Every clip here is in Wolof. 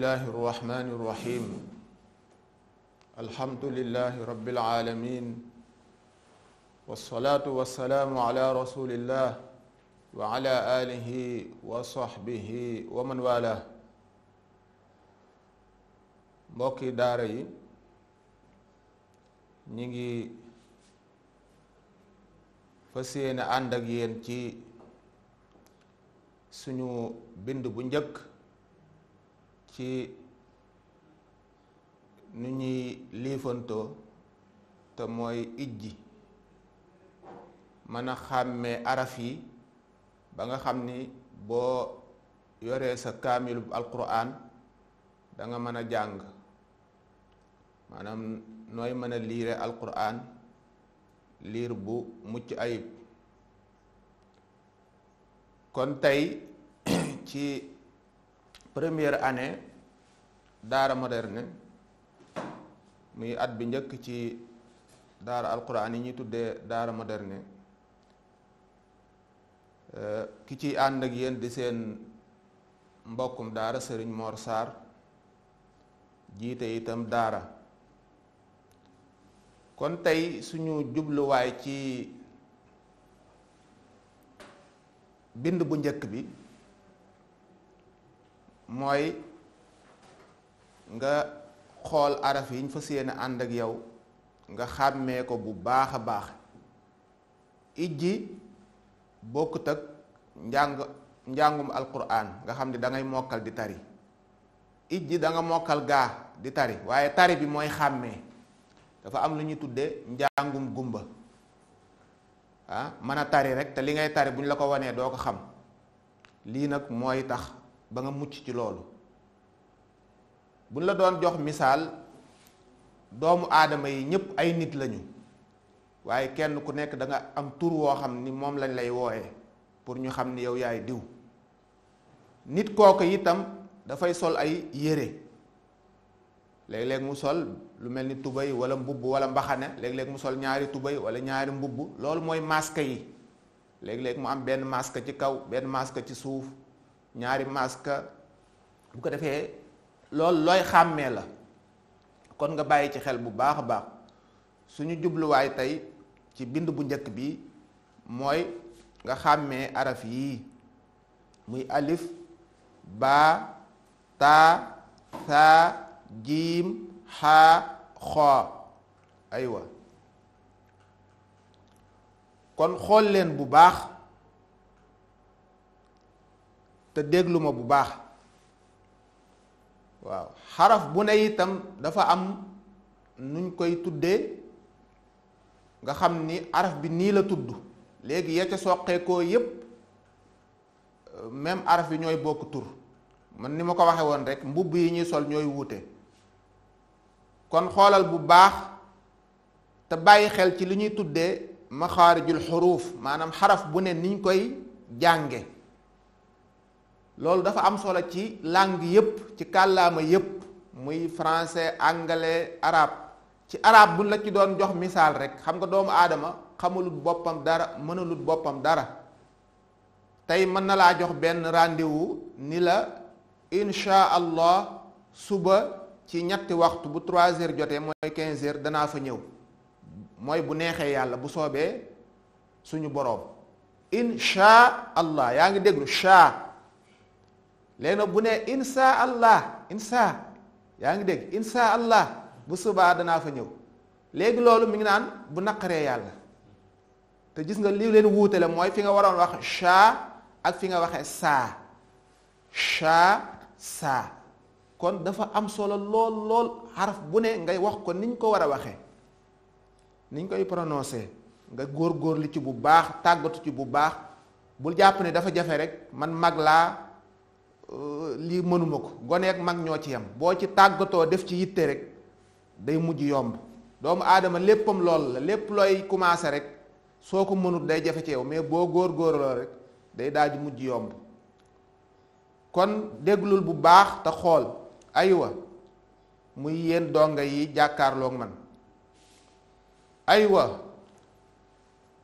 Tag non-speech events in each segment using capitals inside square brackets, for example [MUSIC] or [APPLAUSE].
الله الرحمن الرحيم الحمد لله رب العالمين والصلاة والسلام على رسول الله وعلى آله وصحبه ومن والاه mbokki daara yi ñi ngi fas yéene ànd ak yéen ci suñu bind bu njëkk ci nu ñuy liifantoo te mooy ijji mën a xàmmee araf yi ba nga xam ni boo yore sa kaamilu alquran da danga mën a jàng maanaam nooy mën a liire alquran liir bu mucc ayib kon tey [COUGHS] ci première année daara moderne muy at bi njëkk ci daara alquran yi ñuy tuddee daara moderne euh, ki ciy ànd ak yéen di seen mbokkum daara sëriñ Mor Sarr jiite itam daara kon tey suñu jubluwaay ci bind bu njëkk bi mooy nga xool araf yiñ fa fas yéene ànd ak yow nga xàmmee ko bu baax a baax ijji bokkut ak njàng njàngum alquran nga xam ni dangay ngay mokkal di tari ijji da nga mokkal gaa di tari waaye tari bi mooy xàmmee dafa am lu ñuy tudde njàngum gumba ah mën a tari rek te li ngay tari bu ñu la ko wanee doo ko xam lii nag mooy tax ba nga mucc ci loolu buñ la doon jox misaal doomu aadama yi ñëpp ay nit lañu waaye kenn ku nekk danga am tur woo xam ni moom lañ lay wooye pour ñu xam ni yow yaay diw nit kooku itam dafay sol ay yére léeg-léeg mu sol lu mel ni tubéy wala mbubb wala mbaxane léeg-léeg mu sol ñaari tubéy wala ñaari mbubb loolu mooy masque yi léeg-léeg mu am benn masque ci kaw benn masque ci suuf ñaari maska bu ko defee loolu looy xàmmee la kon nga bàyyi ci xel bu baax a baax suñu jubluwaay tey ci bind bu njëkk bi mooy nga xàmmee araf yii muy alif baa taa saa jiim xaa xoo aywa kon xool leen bu baax te déglu ma bu baax waaw xaraf bu ne itam dafa am nuñ koy tuddee nga xam ni araf bi nii la tudd léegi ya ca soqeekoo yépp même araf yi ñooy bokk tur man ni ma ko waxe woon rek mbubb yi ñuy sol ñooy wuute kon xoolal bu baax te bàyyi xel ci li ñuy tuddee maxaarijul xuruuf maanaam xaraf bu ne niñ koy jànge loolu dafa am solo ci langue yépp ci kàllaama yépp muy français anglais arabe ci arabe buñ la ci doon jox misaal rek xam nga doomu aadama xamalut boppam dara mënalut boppam dara tey mën na laa jox benn rendez-vous ni la incha allah suba ci ñetti waxtu bu trois heures jotee mooy quinze heures danaa fa ñëw mooy bu neexee yàlla bu soobee suñu boroom incha allah yaa ngi déglu cha léegi nag bu ne insha allah insha yaa ngi dégg insha allah bu subaa danaa fa ñëw léegi loolu mi ngi naan bu naqaree yàlla te gis nga li leen wuutale mooy fi nga waroon wax shaa ak fi nga waxee saa shaa saa kon dafa am solo lool lool xaraf bu ne ngay wax ko niñ ko war a waxee niñ koy prononcé nga góor góorlu ci bu baax tàggatu ci bu baax bul jàpp ni dafa jafe rek man mag laa Euh, lii mënuma ko goneek mag ñoo ci yem boo ci tàggatoo def ci yitte rek day mujj yomb doomu aadama léppam lool la lépp looy commencé rek soo ko mënut day jafe ci yow mais boo góor góorloo rek day daal di mujj yomb kon déglul bu baax te xool aywa muy yéen dongo yi jàkkaarlook man aywa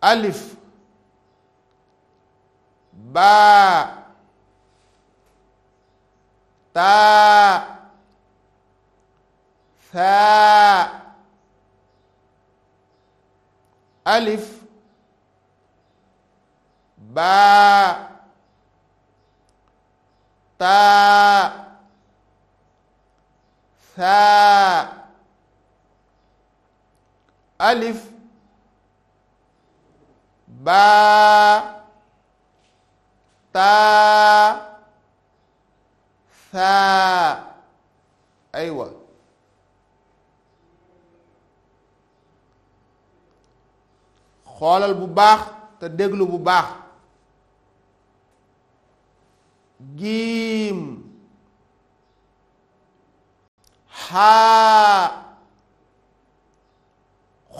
alif baa taa saa alif baa taa saa alif baa taa thaa aywa xoolal bu baax te déglu bu baax jiim xaa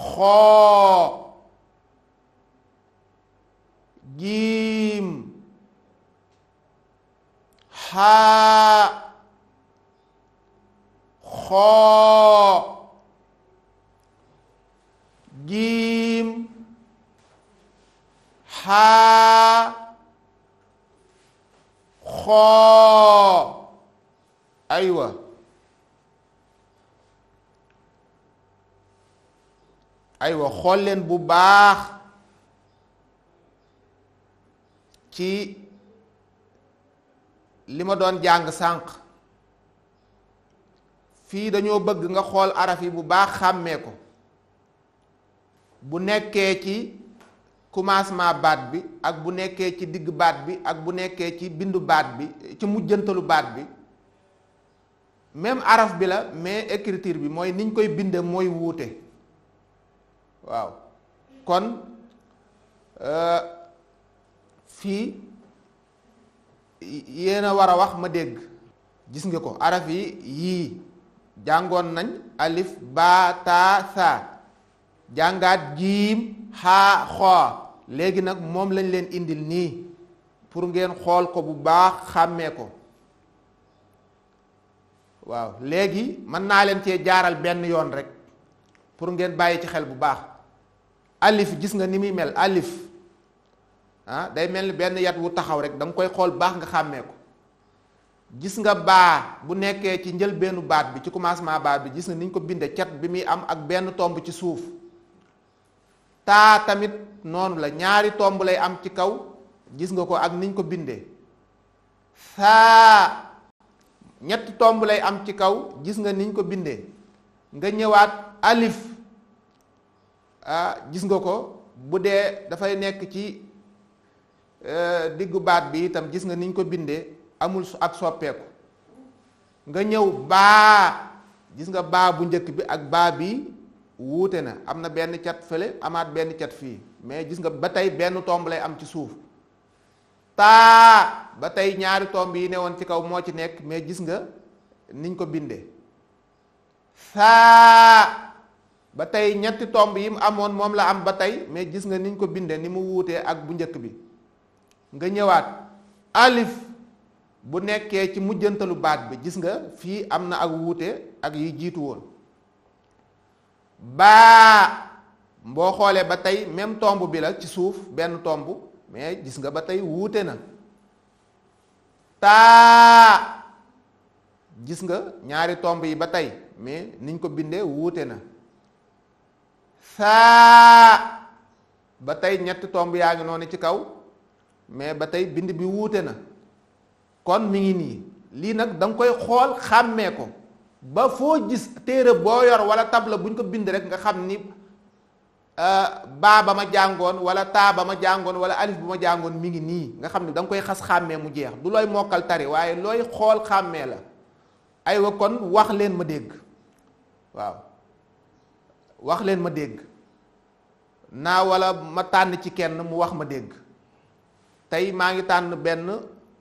xoo jiim xaa xoo jiim xaa xoo aywa xool leen bu baax ci li ma doon jàng sànq fii dañoo bëgg nga xool araf yi bu baax xàmmee ko bu nekkee ci commencement baat bi ak bu nekkee ci digg baat bi ak bu nekkee ci bindu baat bi ci mujjantalu baat bi même araf bi la mais écriture bi mooy niñ koy bindee mooy wuute waaw kon euh, fii yéen a war a wax ma dégg gis nga ko araf yi yii jàngoon nañ alif baa taa jàngaat jiim xaa xoo léegi nag moom lañ leen indil nii pour ngeen xool ko bu baax xàmmee ko waaw léegi mën naa leen cee jaaral benn yoon rek pour ngeen bàyyi ci xel bu baax alif gis nga ni muy mel alif ah day mel ni benn yat wu taxaw rek da koy xool baax nga xàmmee ko gis nga baa bu nekkee ci njël njëlbeenu baat bi ci commencement baat bi gis nga niñ ko bindee cat bi muy am ak benn tomb ci suuf taa tamit noonu la ñaari tomb lay am ci kaw gis nga ko ak niñ ko bindee saa tomb lay am ci kaw gis nga niñ ko bindee nga ñëwaat alif ah gis nga ko bu dee dafay nekk ci eh, diggu baat bi itam gis nga niñ ko bindee amul ak soppeeku nga ñëw baa gis nga baa bu njëkk bi ak baa bi wuute na am na benn cat fële amaat benn cat fii mais gis nga ba tey benn tomb lay am ci suuf taa ba tey ñaari tomb yi newoon ci kaw moo ci nekk mais gis nga niñ ko bindee saa ba tey ñetti tomb yi mu amoon moom la am ba tey mais gis nga niñ ko bindee ni mu wuutee ak bu njëkk bi nga ñëwaat alif bu nekkee ci mujjantalu baat bi gis nga fii am na ak wuute ak yi jiitu woon baa boo xoolee ba tey même tomb bi la ci suuf benn tomb mais gis nga ba tey wuute na taa gis nga ñaari tomb yi ba tey mais niñ ko bindee wuute na saa ba tey ñetti tomb yaa ngi noonu ci kaw mais ba tey bind bi wuute na kon mi ngi nii lii nag danga koy xool xàmmee ko ba foo gis téere boo yor wala table bu ko bind rek nga xam ni euh, baa ba ma jàngoon wala taaba ma jàngoon wala alif bu ma jàngoon mi ngi nii nga xam ne danga koy xas xàmmee mu jeex du looy mokkal tari waaye looy xool xàmmee la aywa kon wax leen ma dégg waaw wax leen ma dégg naa wala ma tànn ci kenn mu wax ma dégg tey maa ngi tànn benn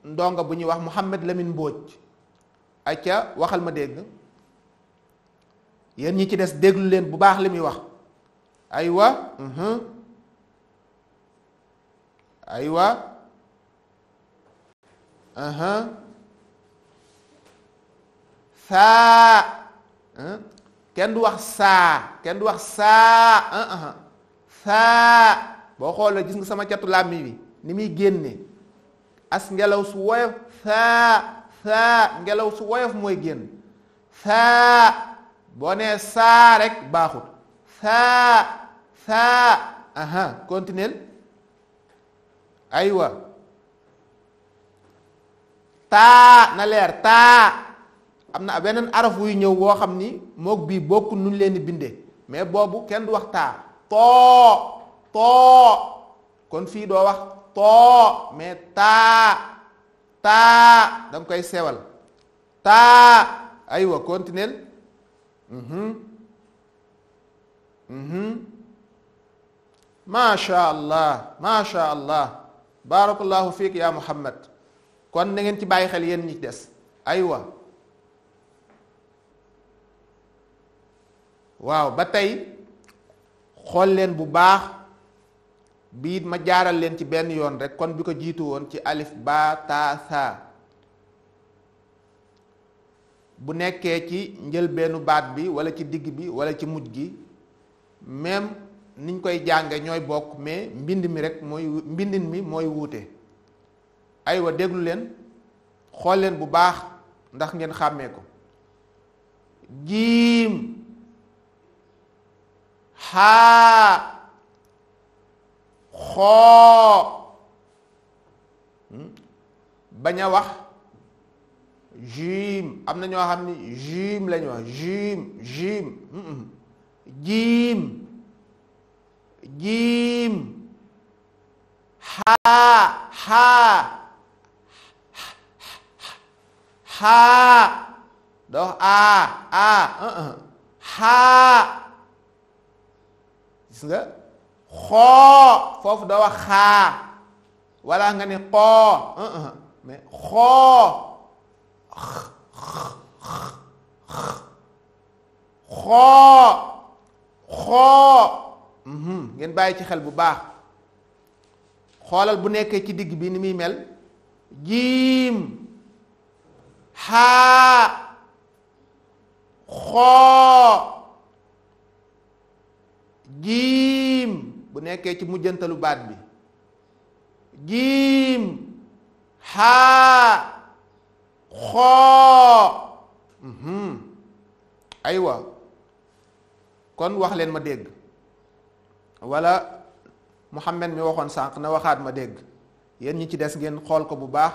ndongo bu ñuy wax Mouhamed Lamine ak ca waxal ma dégg yéen ñi ci des déglu leen bu baax li muy wax aywa mhm. aywa saa kenn du wax saa kenn du wax saa saa boo xoolee gis nga sama catu làmmiñ bi ni muy génne as ngelaw su woyof saa saa ngelaw su woyof mooy génn saa boo nee saa rek baaxut saa saa aha continuel aywa taa na leer taa am na beneen araf wuy ñëw woo xam ni mook bii bokku nuñ leen di bindee mais boobu kenn du wax taa too too kon fii doo wax too mais taa taa da koy sewal taa aywa continuel mhm. mhm. macha allah macha allah barakallahu fiik ya muhammad kon na ngeen ci bàyyi xel yéen ñi ci des aywa waaw ba tey xool leen bu baax biit ma jaaral leen ci benn yoon rekk kon bi ko jiitu woon ci alif ba bu nekkee ci njëlbeenu baat bi wala ci digg bi wala ci mujj gi même niñ koy jànge ñooy bokk mais mbind mi rek mooy mbindin mi mooy wuute aywa déglu leen xool leen bu baax ndax ngeen xàmmee ko jiim xaa xoo hmm? bañ a wax jim am na ñoo xam ni jim lañu wax jim jim hmm, hmm. jiim jiim xaa xaa xaa doo wax aa aa xaa gis nga xoo foofu doo wax xaa wala nga ne xoo uh-uh. mais xoo xoo mm-hmm. ngeen bàyyi ci xel bu baax xoolal bu nekkee ci digg bi ni muy mel jiim xaa xoo jiim bu nekkee ci mujjantalu baat bi jiim xaa xoo mhm. aywa kon wax leen ma dégg wala Muhammad mi waxoon sànq na waxaat ma dégg yéen ñi ci des ngeen xool ko bu baax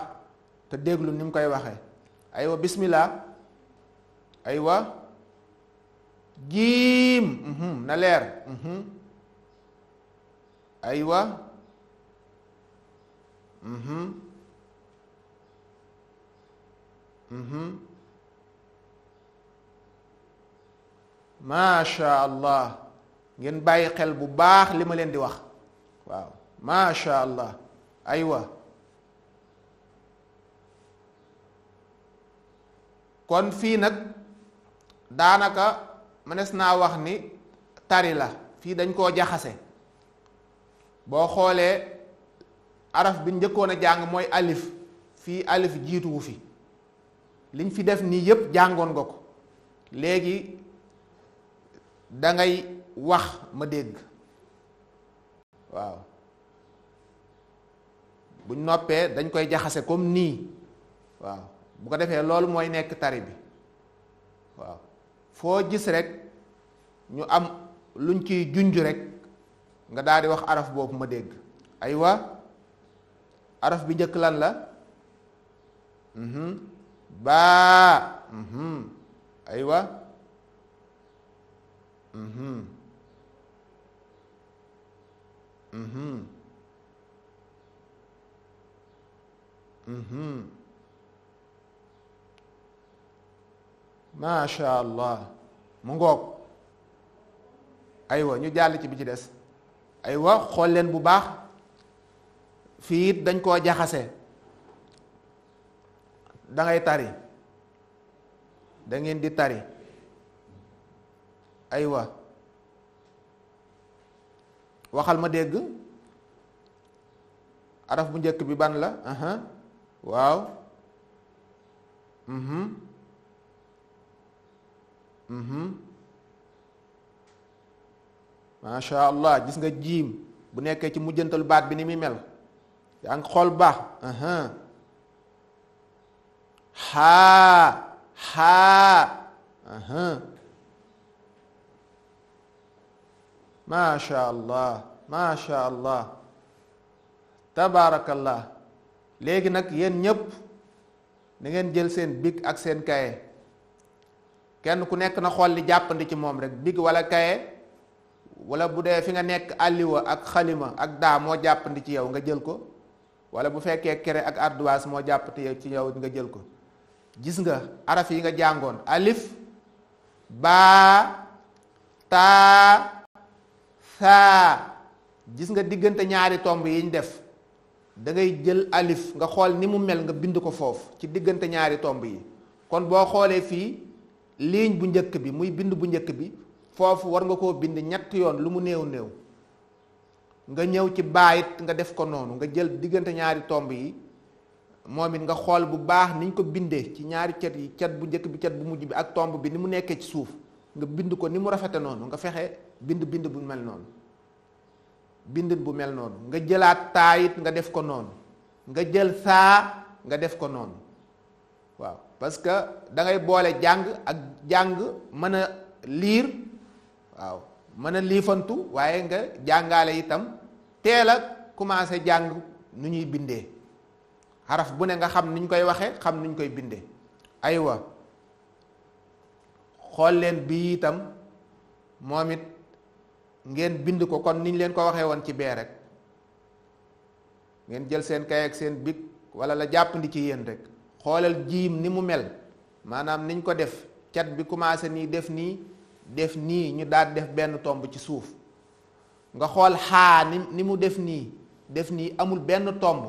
te déglu ni mu koy waxe aywa bismillah aywa jiim mhm, na leer mhm. aywa mhm mhm macha allah ngeen bàyyi xel bu baax li ma leen di wax waaw macha allah aywa kon fii nag daanaka mënees naa wax ni tari la fii dañ koo jaxase boo xoolee araf bi njëkkoon a jàng mooy alif fii alif jiituwu fi liñ fi def nii yépp jàngoon nga ko léegi dangay wax ma dégg waaw buñ noppee dañ koy jaxase comme nii waaw bu ko defee loolu mooy nekk tari bi waaw foo gis rek ñu am luñ ciy junj rek nga daal wax araf boobu ma dégg aywa araf bi njëkk lan la mhm. baa mhm. aywa mhm. macha allah mu ngoog aywa ñu jàll ci bi ci des aywa xool leen bu baax fii it dañ koo jaxase da tari dangeen di tari aywa waxal ma dégg araf bu njëkk bi ban la waaw mhm. Mhm. macha allah gis nga jiim bu nekkee ci mujjantal baat bi ni muy mel yaa ngi xool baax xaa xaa macha allah macha allah tabaarakallah léegi nag yéen ñépp da ngeen jël seen big ak seen kaye kenn ku nekk na xool li jàppandi ci moom rek big wala kaye wala bu dee fi nga nekk àlliwa ak xalima ak daa moo jàppandi ci yow nga jël ko wala bu fekkee kere ak ardoise moo jàppandi ci yow nga jël ko gis nga araf yi nga jàngoon alif baa taa saa gis nga diggante ñaari tomb yiñ def dangay jël alif nga xool ni mu mel nga bind ko foofu ci diggante ñaari tomb yi kon boo xoolee fii ligne bu njëkk bi muy bind bu njëkk bi foofu war nga koo bind ñetti yoon lu mu néew néew nga ñëw ci baayit nga def ko noonu nga jël diggante ñaari tomb yi moom it nga xool bu baax niñ ko bindee ci ñaari cet yi cet bu njëkk bi cet bu mujj bi ak tomb bi ni mu nekkee ci suuf nga bind ko ni mu rafete noonu nga fexe bind bind bu mel noonu bindin bu mel noonu nga jëlaat taayit nga def ko noonu nga jël saa nga def ko noonu waaw parce que da boole jàng ak jàng mën a liir waaw mën a liifantu waaye nga jàngaale itam teel a commencé jàng nu ñuy bindee xaraf bu ne nga xam nuñ koy waxe xam nuñ koy bindee aywa xool leen bii itam moom it ngeen bind ko kon niñ leen ko waxee woon ci bee rek ngeen jël seen kay ak seen big wala la jàppandi ci yéen rek xoolal jiim ni mu mel maanaam niñ ko def cat bi commencé nii def nii def nii ñu daal def benn tomb ci suuf nga xool xaa ni ni mu def nii def nii amul benn tomb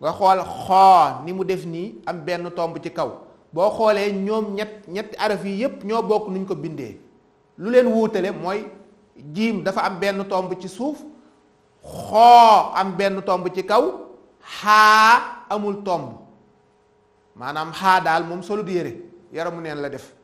nga xool xoo ni mu def nii am benn tomb ci kaw boo xoolee ñoom ñett ñetti araf yi yépp ñoo bokk nuñ ko bindee lu leen wuutale mooy jiim dafa am benn tomb ci suuf xoo am benn tomb ci kaw xaa amul tomb maanaam xaa daal moom solut yére yaramu neen la def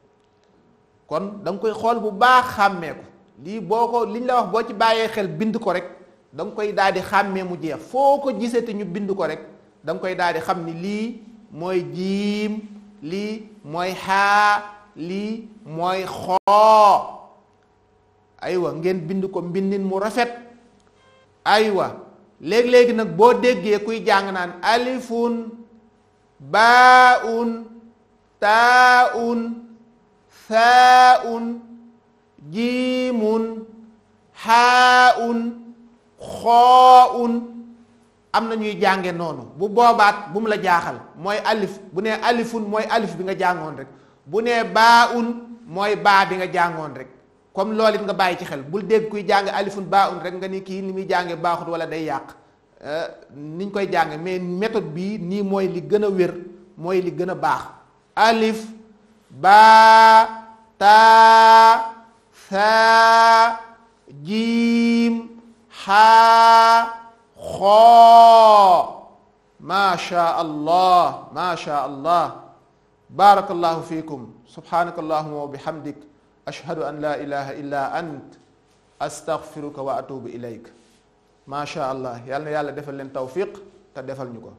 kon danga koy xool bu baax xàmmee ko lii boo ko liñ la wax boo ci bàyyee xel bind ko rek da koy daal xàmmee mu jeex foo ko gisee te ñu bind ko rek danga koy daal di xam ni lii mooy jiim lii mooy xaa lii mooy xoo aywa ngeen bind ko mbindin mu rafet aywa léegi-léegi nag boo déggee kuy jàng naan alifun baaun taaun thaaun jiimun xaaun xooun am na ñuy jànge noonu bu boobaat bu mu la jaaxal mooy alif bu nee alifun mooy alif bi nga jàngoon rek bu nee baaun mooy baa bi nga jàngoon rek comme loolu it nga bàyyi ci xel bul dégg kuy jàng alifun baaun rek nga ni kii ni muy jànge baaxut wala day yàq euh, niñ koy jàng mais méthode bii nii mooy li gën a wér mooy li gën a baax alif baa taa saa jiim xaa xoo macha allah macha allah barakallahu fiikum subhanaka allahuma wa bihamdik ashhadu an la ilaha illa ant astaghfiruka wa atubu ilayk macha allah yal na yàlla defal leen tawfiq te defal ñu ko